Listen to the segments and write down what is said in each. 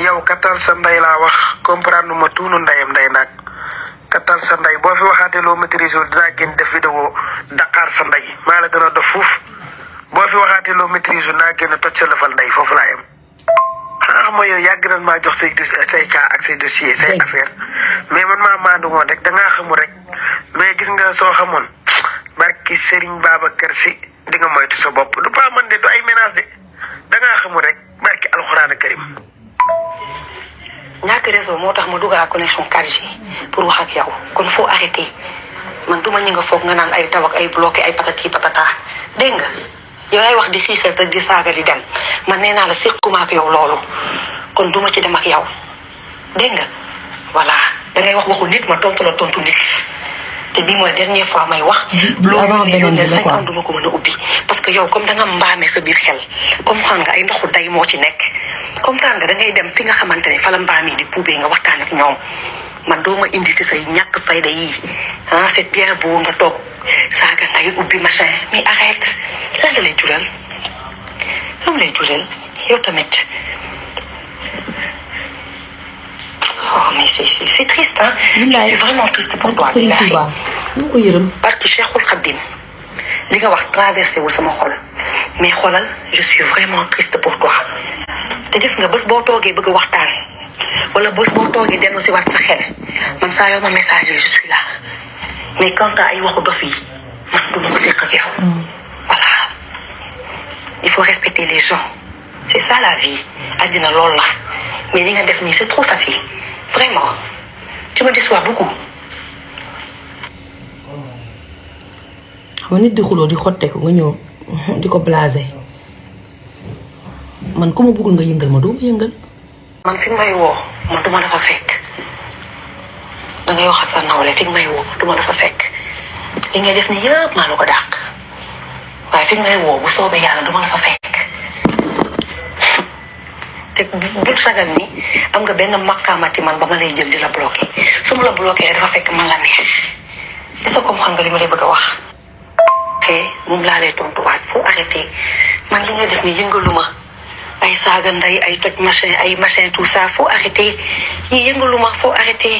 yow kattal sa ndey laa wax comprendre ma tuunu ndeyam ndey nag kattal sa ndey boo fi waxaatee loo maîtrise wul dinaa génn def vidéo daqaar sa ndey maa la gën a dof fuuf boo fi waxaatee loo maîtrise wul naa génn toj sa lëfal ndey foofu laa yem. xanaa xam nga yow jox say say cas ak say dossier say affaire mais man maa maandu woon rek dangaa xamul rek mais gis nga soo xamoon barki Serigne kër si di nga moytu sa bopp du pas man de du ay menace de dangaa xamul rek barki alxuraan karim ñàkk réseau moo tax ma dugal connexion 4G pour wax ak yow kon foo arrêté man duma ñu nga foog nga naan ay taw ay bloqué ay patati patata dégg nga yow wax di xiisal te di saaga di dem man nee naa la séquma ak yow loolu kon duma ci dem ak yow dégg nga voilà dangay wax waxu nit ma tontu la tontu nit te bii mooy dernière fois may wax. loolu léegi yow de cinq ans du ma ko mën a ubbi. parce que yow comme danga mbaame sa biir xel comme xam nga ay ndoxu day moo ci nekk. comprendre nga da ngay dem fi nga xamante ne fa la mbaam yi di puubee nga waxtaan ak ñoom man doo ma indi ci say ñàkk fayda yii ah c'est bien beau nga toog saaga ngay ubbi machin mais arrête lan la lay jural lu lay jural yow tamit oh mais c'est c'est triste ah. je suis vraiment triste pour que Cheikhul Khadim li nga wax traversé wul sama xol mais xoolal je suis vraiment triste pour toi. te gis nga bés bo toogee bëgg waxtaan wala bés bo toogee dellu ci wat sa xel man sa yow ma message je suis là mais quand ta ay waxu dof yi man du ma ko séq ak yow. voilà il faut respecter les gens c'est ça la vie. adina lool la mais li nga def ni c'est trop facile vraiment tu me déçois beaucoup. xam nga nit di xuloo di xotteeku nga ñëw di ko blaser. man ko mo bëggul nga ya yëngal ma do ma ya yëngal. man fi may wo man duma ma la fa fekk da ngay wax ak sa nawle fi may wo du ma la fa fekk li ngay def ni yëpp maa la ko dàq waaye fi may wo ya, bu soobe yàlla duma ma la fa fekk. te bu ragal ni am nga benn makkaamati man ba ma lay jël di la bloqué su ma la bloqué dafa fekk man la neex est-ce que xam nga li ma lay bëgg wax. te moom laa lay tontuwaat faut arrêter man li ngay def ni yëngaluma. ay saaga nday ay toj machin ay machin tout ça faut arrêter yi yëngaluma faut arrêter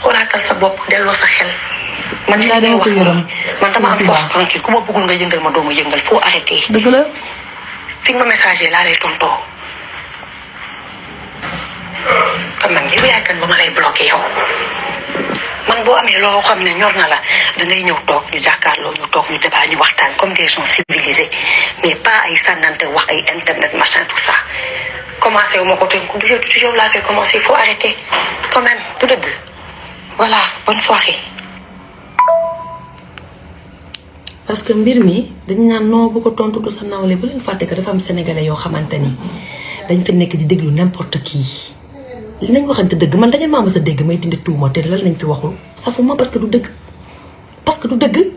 xoolaatal sa bopp delloo sa xel. man ci lay wax man dama am force tranquille ku ma bëggul nga yëngal ma dooma yëngal faut arrêter. dëgg la. fi ma messager laa lay tontoo. te man yow yaay kan ba ma lay bloqué yow. man boo amee loo xam ne ñor na la da ñëw toog ñu jàkkaarloo ñu toog ñu débat ñu waxtaan comme des gens mais pas. ay sànnante wax ay internet machin tout ça commencé wu ma ko tënk du yow du yow laa koy commencé faut arrêter quand même du dëgg voilà bonne soirée. parce que mbir mi dañ naan noo bu ko tontu du sa nawle bu leen fàtte dafa am sénégalais yoo xamante ni dañ fi nekk di déglu n'importe kii li nañ waxante dëgg man da ngeen sa mës a dégg may dindi tuuma te lan lañ fi waxul safuma parce que du dëgg parce que du dëgg.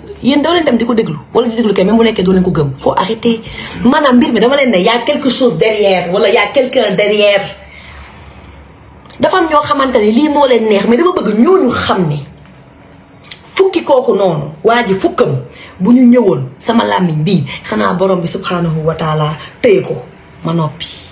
yéen tam di ko wala di kay même ko faut arrêter Il dama ne y a quelque chose derrière il y a quelqu'un derrière dafa am Il faut ne lii moo il neex mais dama bëgg Faut nous ne fukki kooku nous waa il fukkam bu ñu sama làmmiñ bii il borom bi subhanahu wa taala téye ko ma noppi